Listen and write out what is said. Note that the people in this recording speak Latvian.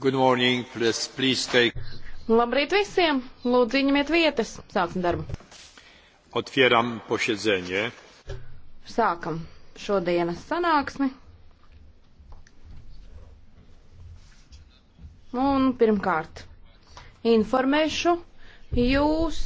Good morning, please, please take. Labrīt visiem! Lūdzu, ņemiet vietas. Sāksim darbu. Otvieram posiedzenie. Sākam šodienas sanāksmi. Un pirmkārt, informēšu jūs